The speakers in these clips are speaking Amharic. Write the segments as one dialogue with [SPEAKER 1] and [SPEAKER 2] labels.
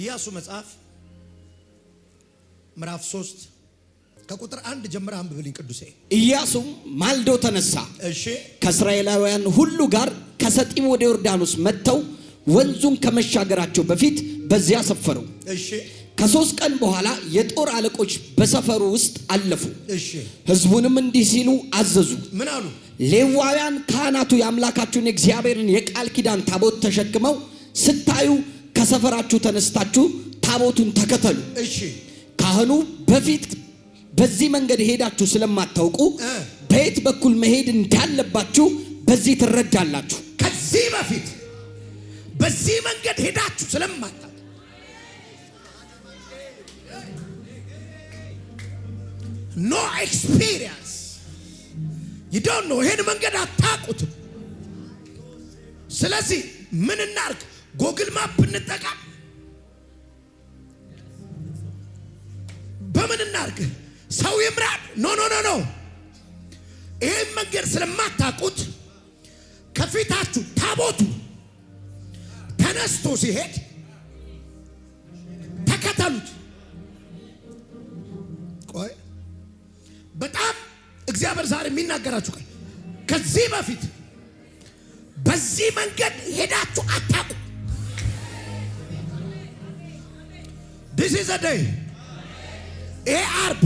[SPEAKER 1] ኢያሱ መጽሐፍ ምዕራፍ 3 ከቁጥር አንድ ጀምረ አንብብልኝ ቅዱሴ።
[SPEAKER 2] ኢያሱም ማልዶ ተነሳ፣ እሺ ከእስራኤላውያን ሁሉ ጋር ከሰጢም ወደ ዮርዳኖስ መጥተው ወንዙን ከመሻገራቸው በፊት በዚያ ሰፈሩ። እሺ ከሶስት ቀን በኋላ የጦር አለቆች በሰፈሩ ውስጥ አለፉ። እሺ ህዝቡንም እንዲህ ሲሉ አዘዙ። ምን አሉ? ሌዋውያን ካህናቱ የአምላካችሁን የእግዚአብሔርን የቃል ኪዳን ታቦት ተሸክመው ስታዩ ከሰፈራችሁ ተነስታችሁ ታቦቱን ተከተሉ። እሺ ካህኑ በፊት በዚህ መንገድ ሄዳችሁ ስለማታውቁ በየት በኩል መሄድ እንዳለባችሁ በዚህ ትረዳላችሁ።
[SPEAKER 1] ከዚህ በፊት በዚህ መንገድ ሄዳችሁ ስለማታውቁ ኖ ኤክስፒሪየንስ ይደው ነው ይሄን መንገድ አታውቁትም። ስለዚህ ምን እናርግ? ጎግል ማፕ እንጠቀም። በምን እናርግ? ሰው ይምራል? ኖ ኖ ኖ ኖ። ይህን መንገድ ስለማታውቁት ከፊታችሁ ታቦቱ ተነስቶ ሲሄድ ተከተሉት። ቆይ በጣም እግዚአብሔር ዛሬ የሚናገራችሁ ከዚህ በፊት በዚህ መንገድ ዘደይ ይሄ አርብ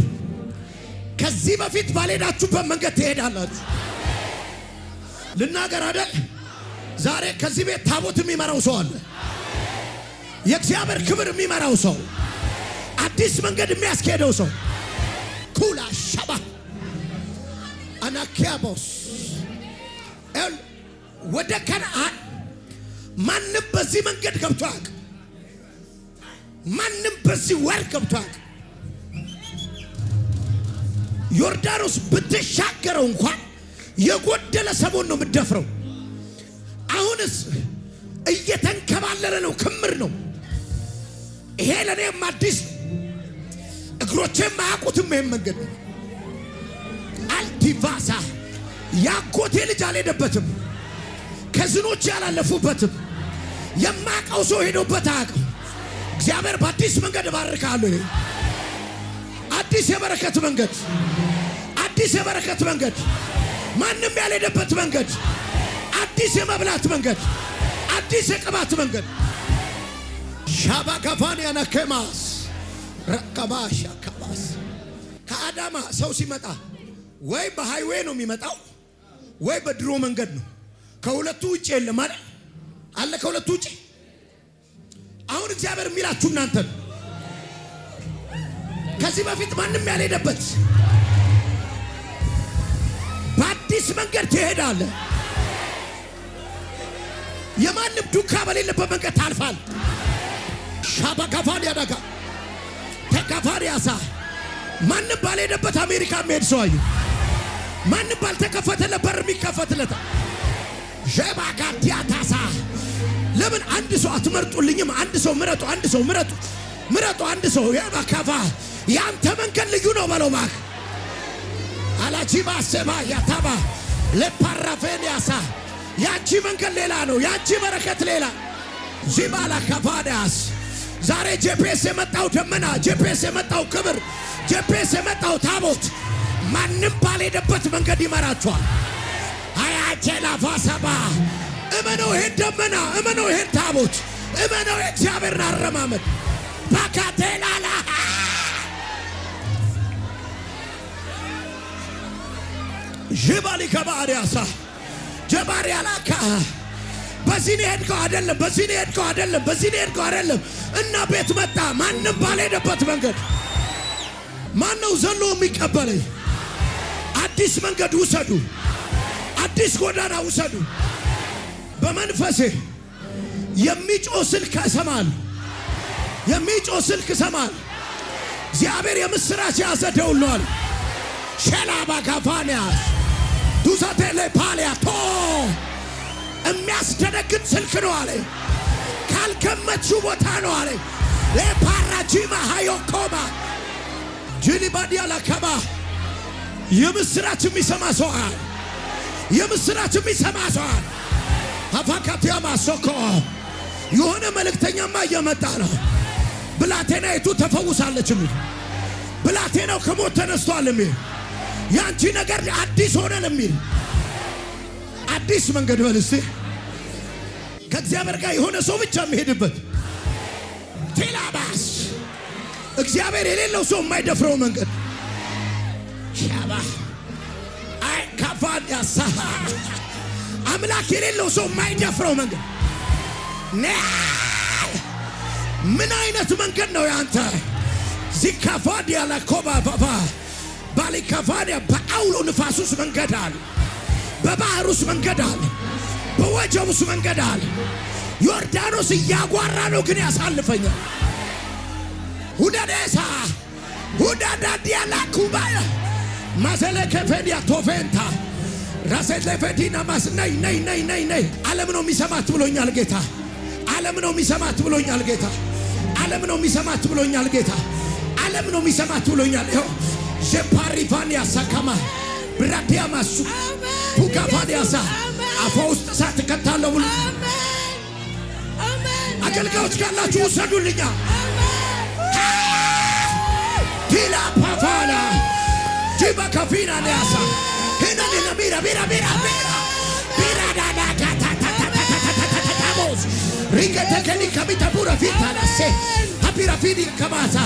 [SPEAKER 1] ከዚህ በፊት ባልሄዳችሁበት መንገድ ትሄዳላችሁ። ልናገር አይደል? ዛሬ ከዚህ ቤት ታቦት የሚመራው ሰው አለ። የእግዚአብሔር ክብር የሚመራው ሰው፣ አዲስ መንገድ የሚያስኬደው ሰው ኩላ ሸባ አናኪያቦስ ወደ ከነአን ማንም በዚህ መንገድ ገብቶ አያውቅም። ማንም በዚህ ወር ገብቷል። ዮርዳኖስ ብትሻገረው እንኳን የጎደለ ሰሞን ነው የምደፍረው። አሁንስ እየተንከባለለ ነው፣ ክምር ነው። ይሄ ለእኔም አዲስ እግሮቼም አያውቁትም። ይህም መንገድ አልቲቫሳ ያጎቴ ልጅ አልሄደበትም። ከዝኖች ያላለፉበትም የማቀው ሰው ሄዶበት አያውቅም። እግዚአብሔር በአዲስ መንገድ እባርካለሁ። አዲስ የበረከት መንገድ፣ አዲስ የበረከት መንገድ፣ ማንም ያልሄደበት መንገድ፣ አዲስ የመብላት መንገድ፣ አዲስ የቅባት መንገድ ሻባካፋን ያነከማስ ረቀባሽ አካባስ ከአዳማ ሰው ሲመጣ ወይ በሃይዌ ነው የሚመጣው ወይ በድሮ መንገድ ነው። ከሁለቱ ውጭ የለም አለ አለ ከሁለቱ ውጭ አሁን እግዚአብሔር የሚላችሁ እናንተ ከዚህ በፊት ማንም ያልሄደበት በአዲስ መንገድ ትሄዳለህ። የማንም ዱካ በሌለበት መንገድ ታልፋል። ሻባካፋን ያዳጋ ተካፋን ያሳ ማንም ባልሄደበት አሜሪካ የሚሄድ ሰው አየሁ። ማንም ባልተከፈተለት በር የሚከፈትለታል። ዠባጋዲያታሳ ለምን አንድ ሰው አትመርጡልኝም? አንድ ሰው ምረጡ፣ አንድ ሰው ምረጡ፣ ምረጡ፣ አንድ ሰው የባካፋ ያንተ መንገድ ልዩ ነው በለው ማክ አላቺባ ሰባ ያታባ ለፓራፌን ያሳ ያቺ መንገድ ሌላ ነው። ያቺ በረከት ሌላ ዚባላ ካፋዳስ ዛሬ ጄፒኤስ የመጣው ደመና፣ ጄፒኤስ የመጣው ክብር፣ ጄፒኤስ የመጣው ታቦት ማንም ባልሄደበት መንገድ ይመራቸዋል። አያቼ ላፋሰባ እመነው ይሄን ደመና፣ እመነው ይሄን ታቦት፣ እመነው የእግዚአብሔርን አረማመድ ባካቴላላ ዥባሊ ከባሪያሳ ጀባሪያ ላካ በዚህ ነው የሄድከው አይደለም፣ በዚህ ነው የሄድከው አይደለም፣ በዚህ ነው የሄድከው አይደለም። እና ቤት መጣ ማንም ባልሄደበት መንገድ ማን ነው ዘሎ የሚቀበለኝ? አዲስ መንገድ ውሰዱ፣ አዲስ ጎዳና ውሰዱ። በመንፈሴ የሚጮ ስልክ እሰማለሁ። የሚጮ ስልክ እሰማለሁ። እግዚአብሔር የምስራች ያዘ ደውሏል። ሸላባ ጋፋንያ ዱሰቴሌ ፓሊያ ቶ የሚያስደነግጥ ስልክ ነው አለ። ካልከመችው ቦታ ነው አለ። ፓራጂማ ሃዮኮማ ጅሊባዲያ ላከባ የምስራች የሚሰማ ሰዋል። የምስራች የሚሰማ ሰዋል አፋካቲያማ ሶኮ የሆነ መልእክተኛማ እየመጣ ነው። ብላቴናይቱ ተፈውሳለች የሚል ብላቴናው ከሞት ተነስቷል የሚል የአንቺ ነገር አዲስ ሆነል የሚል አዲስ መንገድ በልስ ከእግዚአብሔር ጋር የሆነ ሰው ብቻ የሚሄድበት ቴላባስ እግዚአብሔር የሌለው ሰው የማይደፍረው መንገድ ሻባ አይ ካፋን ያሳ አምላክ የሌለው ሰው የማይደፍረው መንገድ ምን አይነት መንገድ ነው ያንተ? ዚካፋዲያ ላኮባ ባባ ባሊካፋዲያ በአውሎ ንፋስ ውስጥ መንገድ አለ። በባህር ውስጥ መንገድ አለ። በወጀብ ውስጥ መንገድ አለ። ዮርዳኖስ እያጓራ ነው ግን ያሳልፈኛል። ሁደዴሳ ሁዳዳዲያ ላኩባያ ማዘለከፌዲያ ቶፌንታ ራሴ ለፈዲና ማስ ነይ ነይ ነይ ነይ ነይ ዓለም ነው የሚሰማት ብሎኛል ጌታ። ዓለም ነው የሚሰማት ብሎኛል ጌታ። ዓለም ነው የሚሰማት ብሎኛል ጌታ። ዓለም ነው የሚሰማት ብሎኛል። ይኸው ሸፓሪፋን ያሳካማ ብራዲያ ማሱ ፉካፋን ያሳ አፏ ውስጥ እሳት እከታለሁ ብሎ አገልጋዮች ካላችሁ ውሰዱልኛ ቲላ ፓፋላ ጂባ ከፊና ያሳ bira, bira, bira, bira. Bira da da da da da da da da Riga tekeni kabita bura vita na se. Hapira fidi kabata.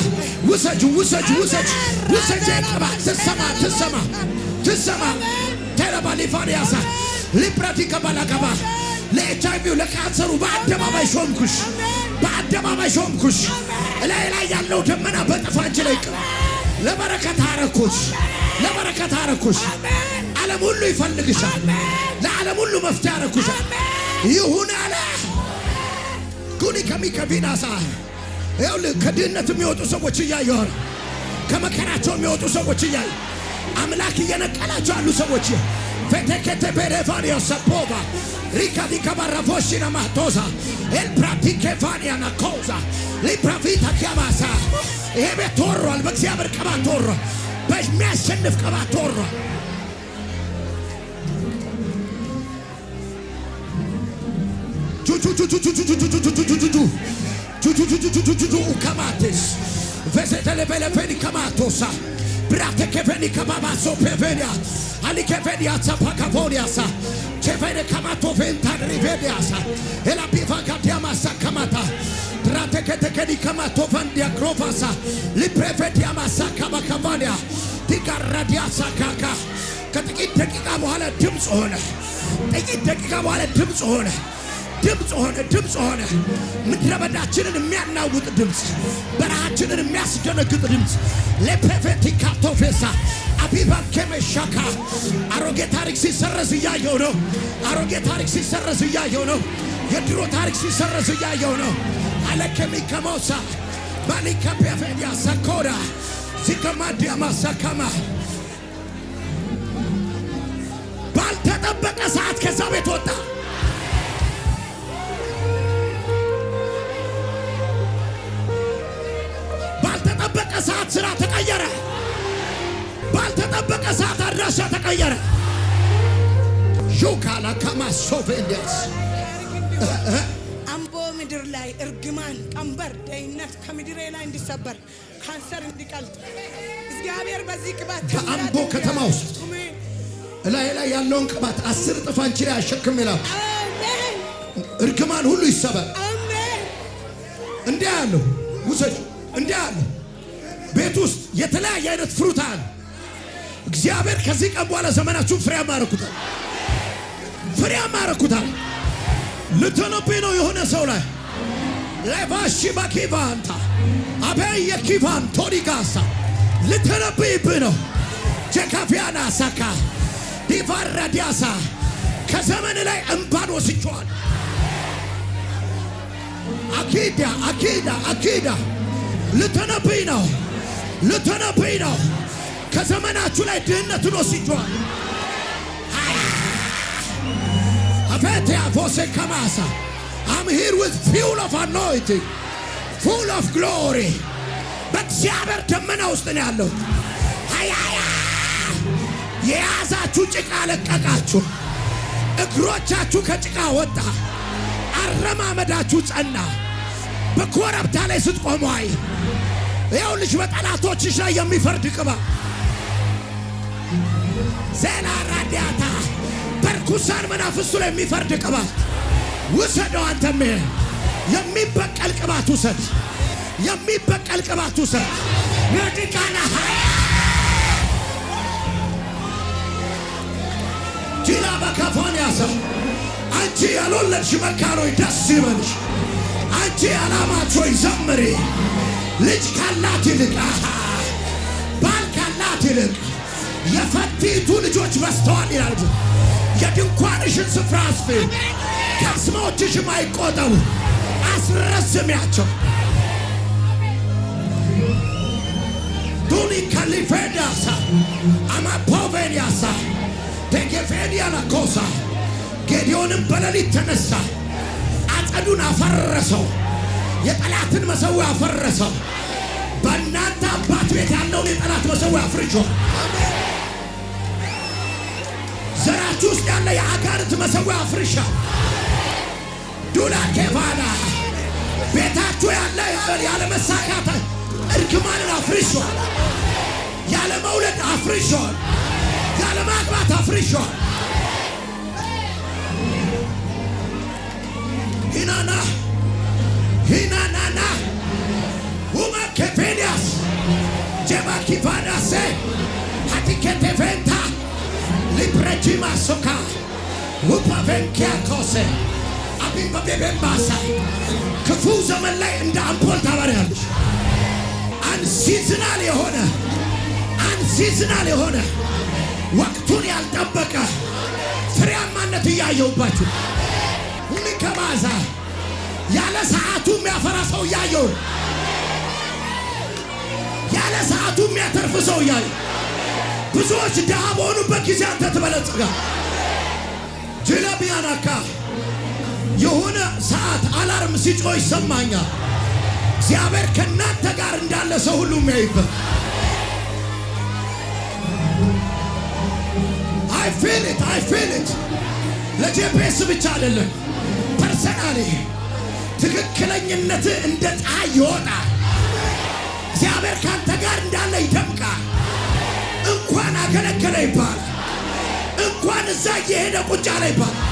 [SPEAKER 1] Usaju, usaju, usaju. Usaje kaba. Tisama, tisama. Tisama. Teraba lifariasa. ሊፕራቲ ከባላጋባ ለኤችአይቪው ለካንሰሩ በአደባባይ ሾምኩሽ፣ በአደባባይ ሾምኩሽ። እላይ ላይ ያለው ደመና በጥፋ አንቺ ላይ ቅር ለበረከት አረኩሽ፣ ለበረከት አረኩሽ። ለዓለም ሁሉ ይፈልግሻል። ለዓለም ሁሉ መፍትሄ ያረኩሻል። ይሁን አለ ጉኒ ከሚከቢና ሳ ይኸውልህ ከድህነት የሚወጡ ሰዎች እያየሁ ነው። ከመከራቸው የሚወጡ ሰዎች እያየ አምላክ እየነቀላቸው ያሉ ሰዎች ፌቴኬቴ ፔሬፋንዮ ሰፖባ ሪካ ዲካባራፎሽና ማቶዛ ኤልፕራቲኬፋንያና ኮዛ ሊፕራፊታ ኪያባሳ ይሄ ቤት ተወሯል። በእግዚአብሔር ቀባት ተወሯል። በሚያሸንፍ ቀባት ተወሯል። ከማቴስ ቬዘተለበለፌን ከጥቂት ደቂቃ በኋላ ድምፅ ሆነ። ጥቂት ደቂቃ በኋላ ድምፅ ሆነ። ድምፅ ሆነ፣ ድምፅ ሆነ። ምድረ በዳችንን የሚያናውጥ ድምፅ፣ በረሃችንን የሚያስደነግጥ ድምፅ ለፕሬፌቲካ ቶፌሳ አቢባን ከመሻካ አሮጌ ታሪክ ሲሰረዝ እያየው ነው። አሮጌ ታሪክ ሲሰረዝ እያየው ነው። የድሮ ታሪክ ሲሰረዝ እያየው ነው። አለከሚ ከመውሳ ባሊካ ሲከማዲያማ ሳካማ ባልተጠበቀ ሰዓት ከዛ ቤት ወጣ። ሰዓት ስራ ተቀየረ። ባልተጠበቀ ሰዓት አድራሻ ተቀየረ። ዩካላ ከማሶብ
[SPEAKER 3] አምቦ ምድር ላይ እርግማን፣ ቀንበር፣ ደይነት ከምድሬ ላይ እንዲሰበር ካንሰር እንዲቀልጥ እግዚአብሔር በዚህ ቅባት
[SPEAKER 1] በአምቦ ከተማ ውስጥ እላይ ላይ ያለውን ቅባት አስር ጥፍ አንቺ ላይ አሸክም ይላል። እርግማን ሁሉ ይሰበር። እንዲያ ያለው ውሰጅ፣ እንዲያ ያለው ቤት ውስጥ የተለያየ አይነት ፍሩት አለ። እግዚአብሔር ከዚህ ቀን በኋላ ዘመናችሁን ፍሬያማ ያረኩታል። ፍሬያማ ያረኩታል። ልትነቢ ነው የሆነ ሰው ላይ ሌቫሺ ባኪቫንታ አበይ የኪቫን ቶዲጋሳ ልትነብይብ ነው ጀካፊያና ሳካ ዲቫራ ዲያሳ ከዘመን ላይ እምባን ወስቸዋል። አኪዳ አኪዳ አኪዳ ልትነብይ ነው። ልትነብይ ነው። ከዘመናችሁ ላይ ድህነትን ወስጄዋል። አፌትያ ፎሴ ከማሳ አም ሂር ዊዝ ፊውል ኦፍ አኖይንቲንግ ፉል ኦፍ ግሎሪ በእግዚአብሔር ደመና ውስጥ ነው ያለው። ሀያያ የያዛችሁ ጭቃ ለቀቃችሁ። እግሮቻችሁ ከጭቃ ወጣ። አረማመዳችሁ ጸና። በኮረብታ ላይ ስትቆሙ አይ ይኸውልሽ በጠላቶችሽ ላይ የሚፈርድ ቅባ ዜና ራዲያታ በርኩሳን መናፍስቱ ላይ የሚፈርድ ቅባት ውሰደው። አንተም የሚበቀል ቅባት ውሰድ፣ የሚበቀል ቅባት ውሰድ። ረድቃና ሀያ ጂላ በከፎን ያሰብ አንቺ ያልወለድሽ መካኖች ደስ ይበልሽ። እስቲ ዓላማቸው ይዘምሪ። ልጅ ካላት ይልቅ ባል ካላት ይልቅ የፈቲቱ ልጆች በስተዋል ይላል። የድንኳንሽን ስፍራ አስፊ፣ ከስማዎችሽም አይቆጠቡ፣ አስረዝሚያቸው። ዱኒ ካሊፌንያሳ አማፖቬንያሳ ቴጌፌንያና ኮሳ ጌዲዮንም በሌሊት ተነሳ፣ አጸዱን አፈረሰው። የጠላትን መሰዊያ አፈረሰው። በእናንተ አባት ቤት ያለውን የጠላት መሰዊያ አፍርሾ፣ ዘራችሁ ውስጥ ያለ የአጋንንት መሰዊያ አፍርሻ ዱላ ኬፋና ቤታችሁ ያለ ያለመሳካት መሳካት እርግማንን አፍርሾል። ያለ መውለድ አፍርሾል። ያለ ሂናና ሂናናና ውመ ኬፌንያስ ጀባኪፋዳሴ ሀቲኬቴፌንታ ሊፕረጂማሶካ ውፓቬንኪያኮሴ አቢበቤቤምባሳ ክፉ ዘመን ላይ እንደ አምፖል ታበሪያለሽ። አንሲዝናል የሆነ አንሲዝናል የሆነ ወቅቱን ያልጠበቀ ፍሬያማነት እያየሁባችሁ ሊከባዛ ያለ ሰዓቱ የሚያፈራ ሰው እያየው ያለ ሰዓቱ የሚያተርፍ ሰው እያየው ብዙዎች ድሃ በሆኑበት ጊዜ አንተ ትበለጽጋል። ጅለብያናካ የሆነ ሰዓት አላርም ሲጮ ይሰማኛል። እግዚአብሔር ከእናንተ ጋር እንዳለ ሰው ሁሉ የሚያይበት አይፌልት አይፌልት ለጄፒኤስ ብቻ አይደለም ፐርሰናል ትክክለኝነት እንደ ፀሐይ ይወጣል። እግዚአብሔር ካንተ ጋር እንዳለ ይደምቃል። እንኳን አገለገለ ይባላል። እንኳን እዛ እየሄደ ቁጭ አለ ይባላል።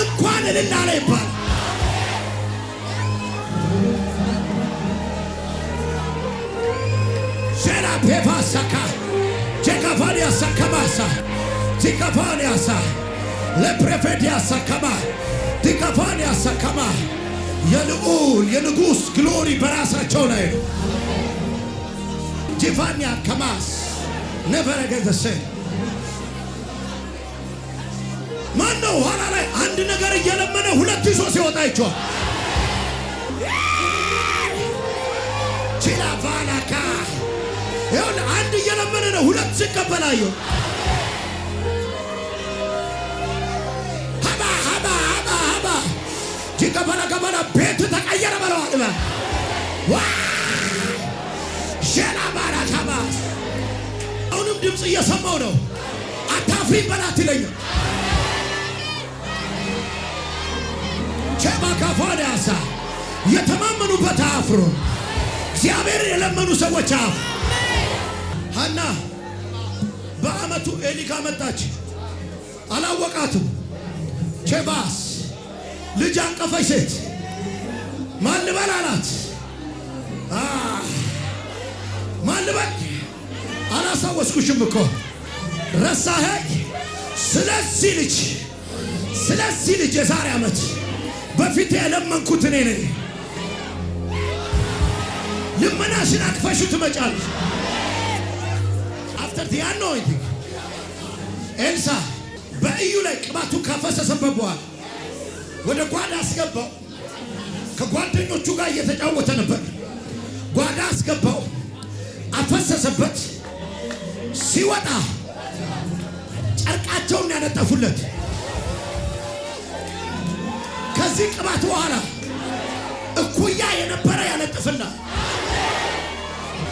[SPEAKER 1] እንኳን እልል አለ ይባላል። ሸራ ፔፋ ሰካ ጀካፋን ያሳከማሳ ቲካፋን ያሳ ለፕሬፌድ ያሳከማ ቲካፋን ያሳከማ የልዑል የንጉሥ ግሎሪ በራሳቸው ላይ ነው። ጂቫኒያ ከማስ ነበረ ማን ነው? ኋላ ላይ አንድ ነገር እየለመነ ሁለት ይዞ ሲወጣ ይቸዋል። ቺላቫላካ ይሁን አንድ እየለመነ ነው፣ ሁለት ሲቀበላየው ከፈለ ከፈለ ቤት ተቀየረ በለዋል። ሼላ ባራካባ አሁንም ድምፅ እየሰማው ነው። አታፍሪ በላት ይለኛል። ያሳ የተማመኑበት አፍሮ እግዚአብሔር የለመኑ ሰዎች አፍ ሀና በአመቱ ኤሊካ መጣች አላወቃትም ልጅ አቀፈች ሴት ማን ልበል አላት። ማን ልበል አላሳወስኩሽም እኮ ረሳኸኝ። ስለዚህ ልጅ ስለዚህ ልጅ የዛሬ ዓመት በፊት የለመንኩት እኔ ነኝ። ልመናሽን አቅፈሽው ትመጫለሽ። አፍተር ያን ነው ኤልሳ በእዩ ላይ ቅባቱ ካፈሰሰበት በኋላ ወደ ጓዳ አስገባው። ከጓደኞቹ ጋር እየተጫወተ ነበር። ጓዳ አስገባው፣ አፈሰሰበት። ሲወጣ ጨርቃቸውን ያነጠፉለት። ከዚህ ቅባት በኋላ እኩያ የነበረ ያነጥፍና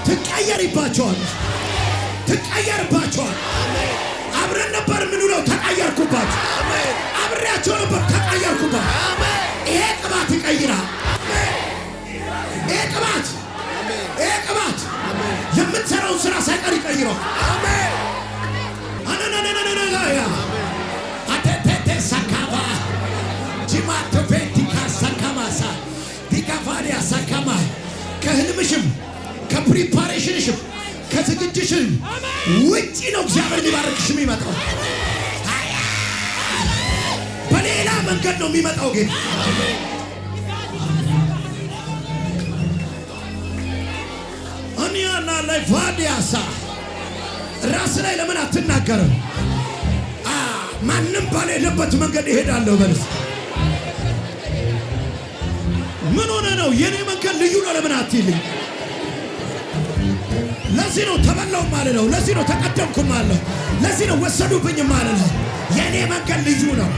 [SPEAKER 1] ትቀየርባቸዋል፣ ትቀየርባቸዋል። አብረን ነበር ምንለው፣ ተቀየርኩባቸው። አብሬያቸው ነበር ተቀየርኩበት። ይሄ ቅባት ይቀይራል። ይሄ ቅባት ይሄ ቅባት የምትሰራውን ስራ ሳይቀር ይቀይረዋል። አቴቴቴ ሳካባ ጂማቶፌ ሳካማሳ ዲካፋሪያ ሳካማ ከህልምሽም ከፕሪፓሬሽንሽም ከዝግጅሽም ውጪ ነው እግዚአብሔር ሊባርክሽም ይመጣው መንገድ ነው የሚመጣው ጌታ። እኒያና ላይ ቫዲያሳ ራስ ላይ ለምን አትናገርም? ማንም ባሌለበት መንገድ ይሄዳለሁ በልስ ምን ሆነ ነው የኔ መንገድ ልዩ ነው። ለምን አትይልኝ? ለዚህ ነው ተበላው ማለት ለዚህ ነው ተቀደምኩም ማለት ለዚህ ነው ወሰዱብኝም ማለት የኔ መንገድ ልዩ ነው።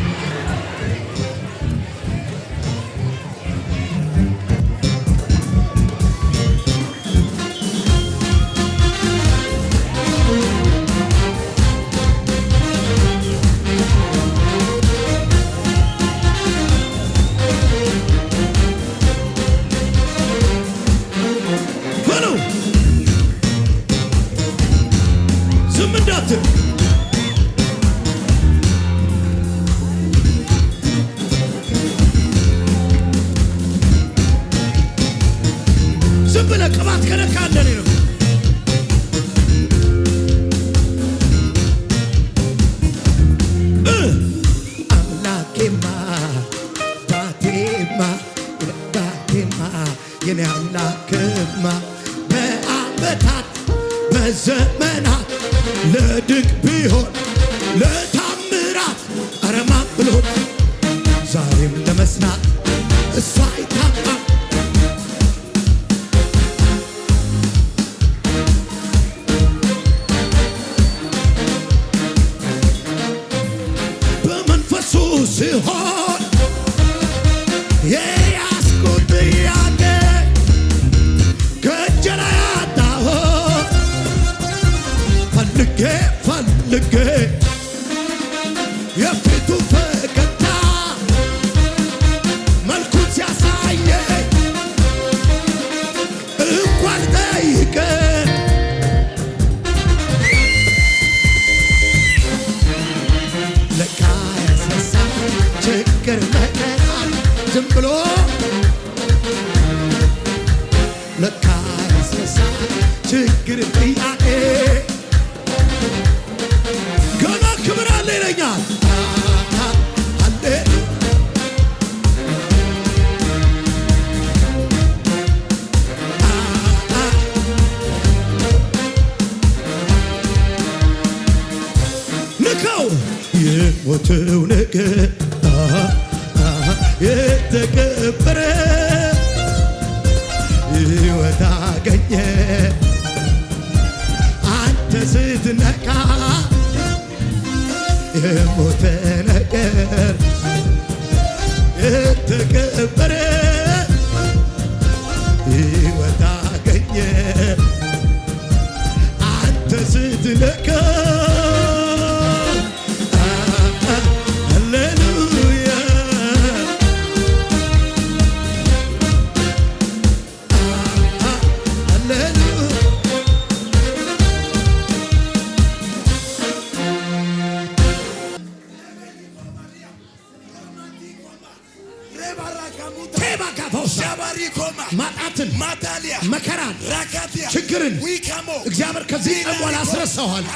[SPEAKER 1] ሞትን፣ መከራን፣ ራካቲያ ችግርን ዊካሞ እግዚአብሔር ከዚህ ቀን በኋላ አስረሳዋል።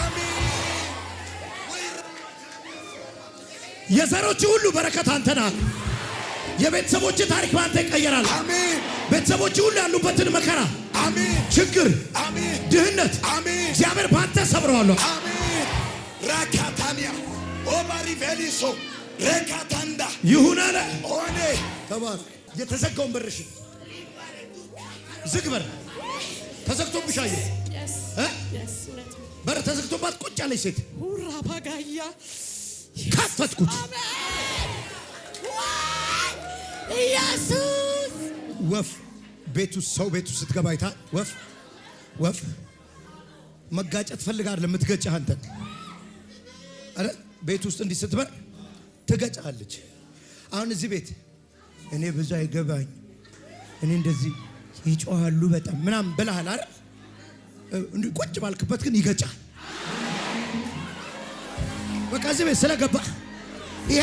[SPEAKER 1] የዘሮች ሁሉ በረከት አንተ ናት። የቤተሰቦች ታሪክ ባንተ ይቀየራል። ቤተሰቦች ሁሉ ያሉበትን መከራ፣ ችግር፣ ድህነት እግዚአብሔር በአንተ ሰብረዋለሁ። ራካታኒያ ኦማሪ ቬሊሶ ረካታንዳ ይሁን አለ ሆነ የተዘጋውን በርሽ ዝግ በር ተዘግቶብሻል። በር ተዘግቶባት ቁጭ ያለች ሴት
[SPEAKER 4] ሁራ ባጋያ ካፈትኩት ኢየሱስ
[SPEAKER 1] ወፍ ቤቱ ሰው ቤቱ ስትገባ ይታ ወፍ ወፍ መጋጨት ፈልጋ አይደለም የምትገጭህ አንተ አረ ቤት ውስጥ እንዲህ ስትበር ትገጫለች። አሁን እዚህ ቤት እኔ ብዙ አይገባኝ እኔ እንደዚህ ይጮሃሉ በጣም ምናምን ብለሃል አይደል? ቁጭ ባልክበት ግን ይገጫል። በቃ እዚህ ቤት ስለገባ ይህ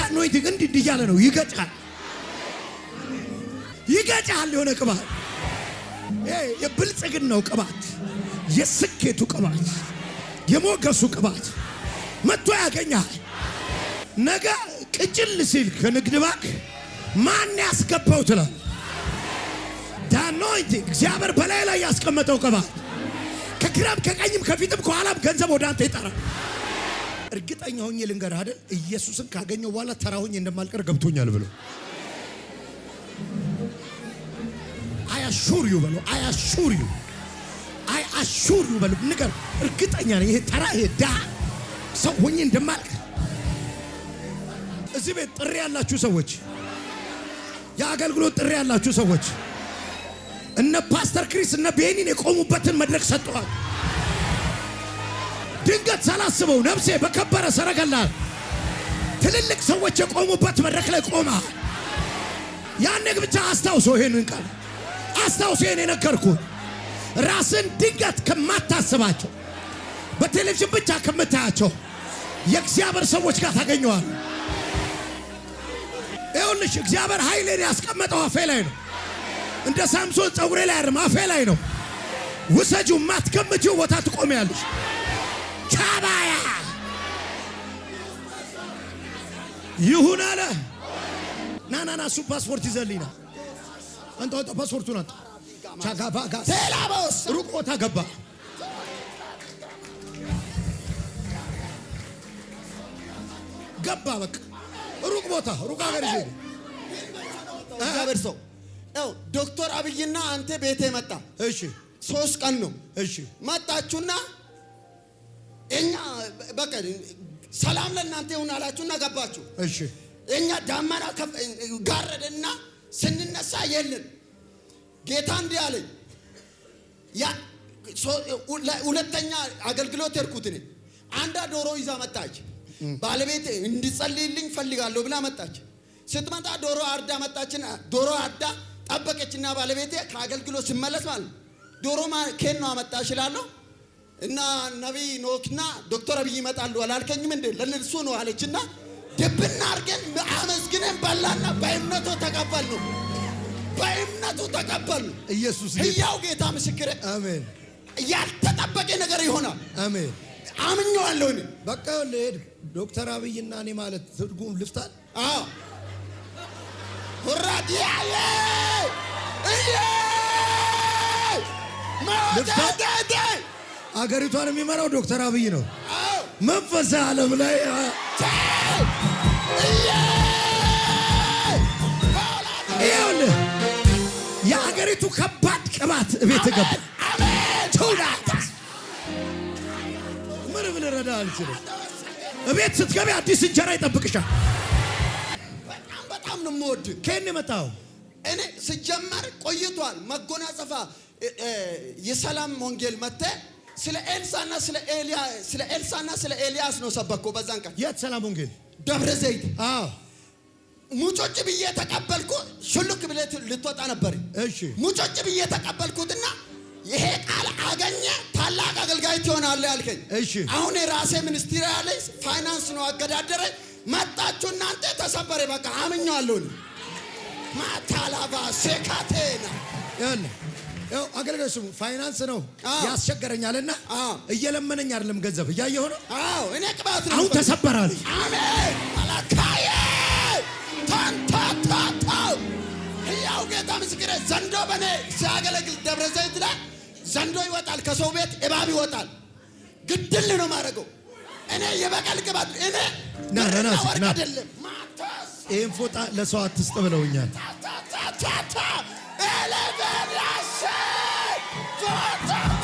[SPEAKER 1] እንዲህ እያለ ነው። ይገጫል፣ ይገጫል። የሆነ ቅባት የብልጽግናው ቅባት፣ የስኬቱ ቅባት፣ የሞገሱ ቅባት መጥቶ ያገኛል። ነገ ቅጭል ሲል ከንግድ ባንክ ማን ያስገባው ትላል አኖይንቲንግ እግዚአብሔር በላይ ላይ ያስቀመጠው ቅባት ከግራም ከቀኝም ከፊትም ከኋላም ገንዘብ ወደ አንተ ይጠራል። እርግጠኛ ሆኜ ልንገርህ አይደል ኢየሱስን ካገኘው በኋላ ተራ ሆኜ እንደማልቀር ገብቶኛል ብሎ አይ ዩ በለው። አይ ዩ አይ ዩ በለው። ንገር እርግጠኛ ነኝ ይሄ ተራ ይሄ ዳ ሰው ሆኜ እንደማልቀር እዚህ ቤት ጥሪ ያላችሁ ሰዎች፣ የአገልግሎት ጥሪ ያላችሁ ሰዎች እነ ፓስተር ክሪስ እነ ቤኒን የቆሙበትን መድረክ ሰጥተዋል። ድንገት ሳላስበው ነፍሴ በከበረ ሰረገላ ትልልቅ ሰዎች የቆሙበት መድረክ ላይ ቆማ ያኔ ብቻ አስታውሶ ይሄንን ቃል አስታውሶ ይሄን የነገርኩ ራስን ድንገት ከማታስባቸው በቴሌቪዥን ብቻ ከምታያቸው የእግዚአብሔር ሰዎች ጋር ታገኘዋል። ይኸውልሽ እግዚአብሔር ኃይሌን ያስቀመጠው አፌ ላይ ነው። እንደ ሳምሶን ጸጉሬ ላይ አይደለም አፌ ላይ ነው። ውሰጁ። ማትገምቺው ቦታ ትቆሚያለሽ። ቻባያ ይሁን አለ። ና ና ና፣ እሱ ፓስፖርት ይዘልኝ ና። አንተ ፓስፖርቱን አንተ ቻጋባ ጋ
[SPEAKER 4] ቴላቦስ
[SPEAKER 1] ሩቅ ቦታ ገባ። ገባ በቃ ሩቅ ቦታ ሩቅ ሀገር ይሄ ው ዶክተር አብይና አንተ ቤቴ መጣ። እሺ ሶስት ቀን ነው። እሺ መጣችሁና እኛ በቃ ሰላም ለእናንተ ይሁን አላችሁና ገባችሁ። እሺ እኛ ዳመና ጋረደና ስንነሳ የለን። ጌታ እንዲህ አለኝ። ሁለተኛ አገልግሎት ሄድኩት እኔ። አንዳ ዶሮ ይዛ መጣች። ባለቤት እንድጸልይልኝ ፈልጋለሁ ብላ መጣች። ስትመጣ ዶሮ አርዳ መጣችን። ዶሮ አርዳ ጠበቀችና ባለቤቴ ከአገልግሎት ሲመለስ ማለት ዶሮ ኬን ነው አመጣ እችላለሁ እና ነቢይ ኖክና ዶክተር አብይ ይመጣሉ አላልከኝም እንዴ? ለእነርሱ ነው አለችና ድብና አርገን አመስግነን በላና በእምነቱ ተቀበል ነው በእምነቱ ተቀበል ነው። ኢየሱስ ሕያው ጌታ ምስክር። አሜን። ያልተጠበቀ ነገር ይሆናል። አሜን። አምኜዋለሁ። እኔ በቃ ልሄድ ዶክተር አብይና እኔ ማለት ትርጉም ልፍታል። አዎ ሁራ አገሪቷን የሚመራው ዶክተር አብይ ነው። መንፈሳ ዓለም ላይ የአገሪቱ ከባድ ቅባት ቤት ገባ። ምን ምን አልችልም። እቤት ስትገቢ አዲስ እንጀራ ይጠብቅሻል። በጣም በጣም ነው የምወድ። ከየት ነው የመጣው? እኔ ስጀመር ቆይቷል መጎናጸፋ የሰላም ወንጌል መጥተ ስለ ኤልሳና ስለ ኤልያስ ስለ ኤልሳና ስለ ኤልያስ ነው ሰበኮ። በዛን ቀን የት ሰላም ወንጌል ደብረ ዘይት። አዎ ሙጮጭ ብዬ ተቀበልኩ። ሹልክ ብለ ልትወጣ ነበር። እሺ ሙጮጭ ብዬ ተቀበልኩትና ይሄ ቃል አገኘ ታላቅ አገልጋይ ትሆናለህ አልከኝ። እሺ አሁን የራሴ ሚኒስትሪ ያለኝ ፋይናንስ ነው አገዳደረ መጣችሁ እናንተ ተሰበረ። በቃ አምኛለሁ። ማታላባ ሴካቴና ያለ አገልጋዮች ስሙ፣ ፋይናንስ ነው ያስቸገረኛልና እየለመነኝ አይደለም ገንዘብ እያየሁ ነው። እኔ ቅባት ነው። አሁን ተሰበራል። አሜን። አላካየ ታንታታታ ያው ጌታ ምስክሬ ዘንዶ በኔ ሲያገለግል ደብረ ዘይት ላይ ዘንዶ ይወጣል፣ ከሰው ቤት እባብ ይወጣል። ግድል ነው ማድረገው። እኔ የበቀል ቅባት እኔ ወርቅ አይደለም። ይህን ፎጣ ለሰው አትስጥ ብለውኛል። Elevation! Torture!